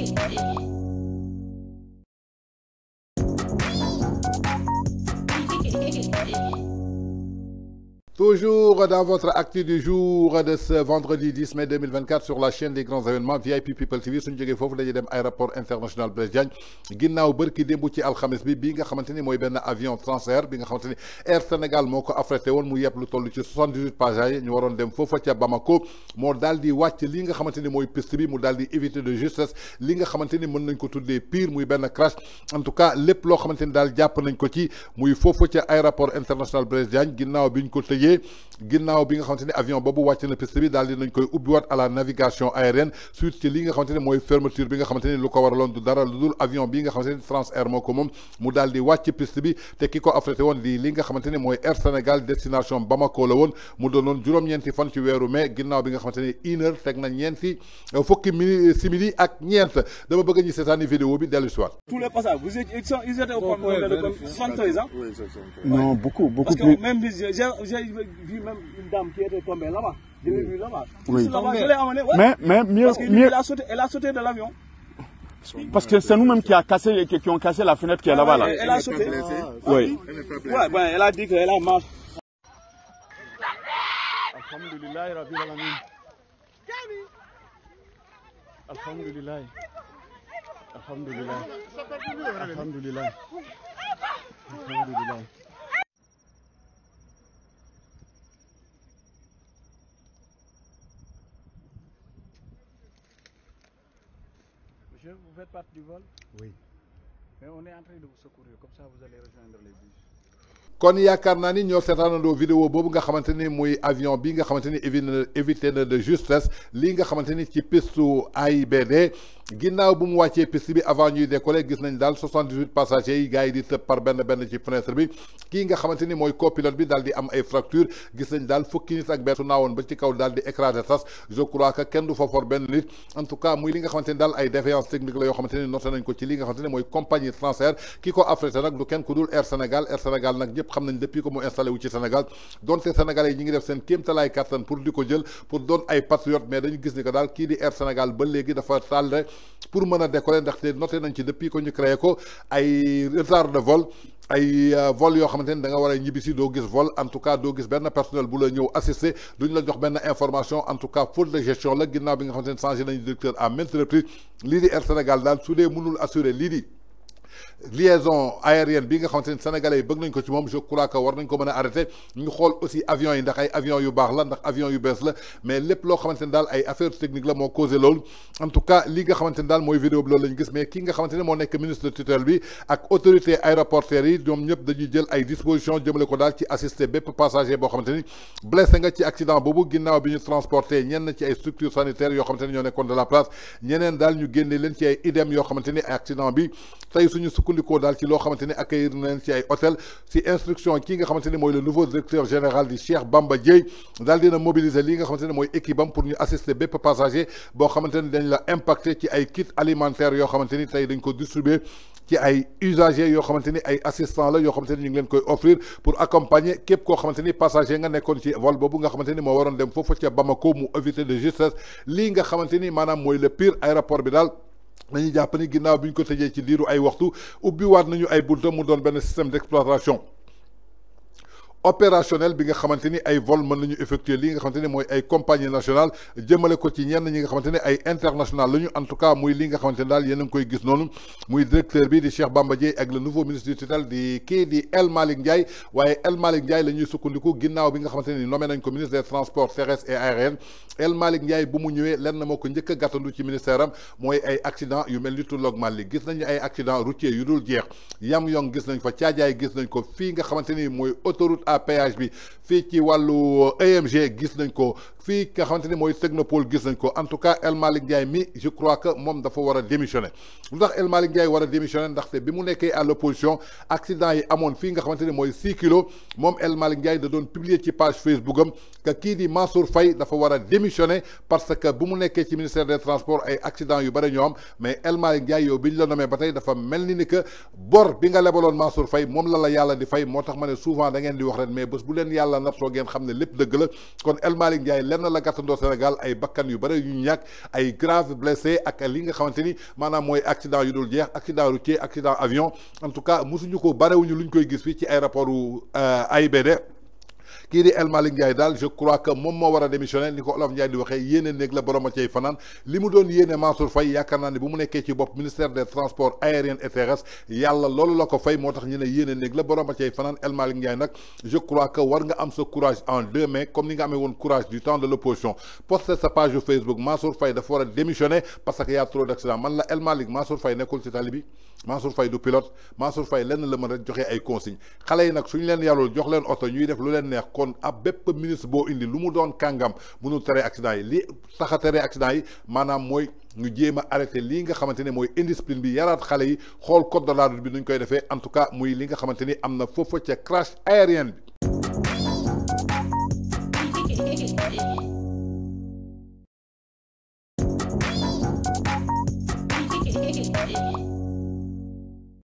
Thank you. Toujours dans votre actu du jour de ce vendredi 10 mai 2024 sur la chaîne des grands événements VIP People TV suñu jógee foofu dañuy dem aéroport international Blaise Diagne ginnaaw bërki démb ci alxames bi bii nga xamante ni benn avion Transfer, bi nga xamante Air Sénégal Moko ko affrété woon mu yeb lu toll ci 78 passagers ñu waroon dem foofa ca Bamako moo daal di wàcc li nga xamante ni piste bi mu éviter de justice li nga xamante mën nañ ko pire benn crash en tout cas lépp loo d'Al ni daal jàpp nañ ko ci aéroport international Blaise Diagne ginnaaw bi ko juillet ginnaaw bi nga xamanteni avion bobu wàcc na piste bi daal di nañ koy ubbiwaat à la navigation aérienne suite ci li nga xamanteni moy fermeture bi nga xamanteni ne lu ko waraloon du dara ludul avion bi nga xamanteni Transair moko mom mu daal di wàcc piste bi te kiko ko affrété woon di li nga xamanteni moy Air Sénégal destination Bamako la woon mu donon juróom ñenti fan ci wéru mai ginnaw bi nga xamanteni 1 une heure teg na ñeenti euh, fukki mini simili ak ñeent dama bëgg ñi sétani vidéo bi dellu ci waat. tous les passages vous êtes ils étaient au point de 73 ans. Hein? non beaucoup beaucoup parce que même j'ai j'ai vu même une dame qui était tombée là-bas. Je l'ai vu là-bas. Oui. Là je l'ai amenée. Ouais. Mais, mais mieux. Parce mieux... Elle, a sauté, elle a sauté de l'avion. Parce que c'est nous-mêmes qui, a cassé, qui, qui ont cassé la fenêtre qui est ah là-bas. Là. Elle, a sauté. Ah, oui. Elle, ouais, ben, elle a dit qu'elle a marche. Alhamdulillah, Rabbi Alamin. Alhamdulillah. Alhamdulillah. Alhamdulillah. Alhamdulillah. Monsieur, vous faites partie du vol Oui. Mais on est en train de vous secourir, comme ça vous allez rejoindre les bus. kon yakarna ni ñoo seetaanandoo vidéo Bobu nga xamanteni ni muy avion bi nga xamante éviter na de justesse li nga xamante ci piste AIBD ginnaaw bu mu wàccee piste bi avant ñuy décoller gis nañ daal soixante-dix-huit passagers yi gars di tëb par benn benn ci fenêtre bi kii nga xamante ni mooy copilote bi daal di am ay fracture gis nañ daal fukki nit ak benn su naawoon ba ci kaw daal di écraser tas je crois kenn du fa for benn nit en tout cas muy li nga xamante ni daal ay défaillance technique la yoo xamante ni noté nañ ko ci li nga xamante ni mooy compagnie transfert ki ko affrété nag du kenn ku dul Air Sénégal Air Sénégal nag ñëpp xam nañ depuis ngi def seen kéemtalaay kattan ko jël pour doon ay patriote mais dañu gis ni que daal kii di Air Sénégal ba pour mën décoller ndax té noté nañ ci depuis ko ñu créé ko ay retard de vol ay euh, vol yo xamante da nga wara a ñibbisi doo gis vol en tout cas do gis ben personnel bu la ñëw assister duñ la jox ben information en tout cas faute de gestion la ginnaw bi nga xamante ni changé directeur à maintes reprises lii di Air Sénégal dal soudé mënul assurer lii di liaison aérienne bi nga xamante ne sénégalais yi bëgg nañ ko ci moom je crois que war nañ ko mën a arrêté ñu xool aussi avions yi ndax ay avions yu baax la ndax avion yu bees la mais lépp loo xamante ne daal ay affaires techniques la moo causé loolu en tout cas li nga xamante ne daal mooy vidéo bi loolu lañ gis mais ki nga xamante ne moo nekk ministre de tutelle bi ak autorité aéroportuaire yi ñoom ñëpp dañuy jël ay dispositions jëmale ko daal ci assister bépp passager boo xamante ni blessé nga ci accident boobu ginnaaw bi ñu transporté ñenn ci ay structures sanitaires yoo xamante ne ñoo nekkoon de la place ñeneen daal ñu génne leen ci ay idem yoo xamante ni accident bi tey suñu sukkandikoo dal ci lo xamanteni accueillir nañ ci ay hôtel ci instruction ki nga xamanteni moy le nouveau directeur général du Cheikh Bamba Dièye dal dina mobiliser li nga xamanteni moy équipe bam pour ñu assister bép passager bo xamanteni dañ la impacter ci ay kits alimentaires yo xamanteni tay dañ ko distribuer ci ay usagers yo xamanteni ay assistants la yo xamanteni ñu ngi leen koy offrir pour accompagner képp ko xamanteni passager nga nekkon ci vol bobu nga xamanteni mo waron dem fofu ci Bamako mu éviter de justesse linga nga xamanteni manam moy le pire aéroport bi dal nañu jàpp ni ginnaaw bi ñu ko tëjee ci diiru ay waxtu ubbiwaat waat nañu ay bunta mu doon benn système d'exploitation opérationnel bi nga xamanteni ay vol mën nañu effectuer li nga xamanteni moy ay compagnie nationale jëmele ko ci ñenn ñi nga xamanteni ay international la en tout cas moy li nga xamanteni dal daal yéen koy gis nonu moy directeur bi di Cheikh Bamba Dièye ak le nouveau ministre du tutelle di kii di El malik Ndiaye waye El malik Ndiaye lañuy ñuy sukkandiku ginnaaw bi nga xamanteni nomé nañ ko ministre des transports terrestres et aériens El malik Ndiaye bu mu ñëwee lenn moo ko njëkk a ci ministère am moy ay accident yu melni ni Tulloog Mali gis nañ ay accident routier yu dul jeex Yam Yong gis nañ fa Caajaay gis nañ ko fi nga xamanteni moy mooy autoroute APHB, péage bi AMG ci EMG euh, gis nañ ko fi nga xamanteni moy Technopole gis nañ ko en tout cas El Malik diaye mi je crois que mon dafa wara démissionner lu El Malik Diaye wara démissionner ndaxte bi mu à l'opposition accident yi mon fils nga xamanteni moy 6 six kilos mom El Malik Diaye da doon publier ci page Facebook que qui di Mansour Faye dafa wara démissionner parce que bu mu ci ministère des transports ay accident yu bari ñom mais El Malik Diaye yo biñ de la nommé batay dafa melni ni que bor bi nga Mansour Faye mom la la yalla di fay motax mané souvent da ngeen di ren mais bés bu leen yàlla nattoo ngeen xam ne lépp dëgg la kon El malik Ndiaye lenn la gàttandoo Sénégal ay bakkan yu bëri yu ñàkk ay grave blessé ak li nga xamante ni maanaam mooy accident yu dul jeex accident routier accident avion en tout cas mosuñu ko barewuñu luñ koy gis fii ci aéroport euh, AIBD qui di El Malik Ndiaye je crois que moom moo war démissionner ni ko Olof Ndiaye di waxee yéene nek la borom a cay fanaan li doon yéene Mansour Faye yakarna ni ne bu mu nekkee ci bop ministère des transports aériens et terrestres yalla loolu la fay motax ñu né yéene nek la borom a cay El Malik Ndiaye nak je crois que war nga am ce courage en deux mains comme ni nga amé won courage du temps de l'opposition posté sa page Facebook Mansour Faye da wara démissionner parce que y a trop d'accidents man la El Malik Mansour Faye nekul ci talibi Mansour Faye du pilote Mansour Faye lenn le mën rek joxe ay consignes xalé yi nag suñu leen yarul jox leen auto ñuy def lu leen neex kon ab bépp ministre boo indi lu mu doon kàngam mënul tere accident yi li tax a tere accident yi maanaam mooy ñu jéem a arrêté lii nga xamante ne mooy indiscipline bi yaraat xale yi xool code de la route bi nuñ koy defee en tout cas muy li nga xamante ni am na foofa ca crash aérien bi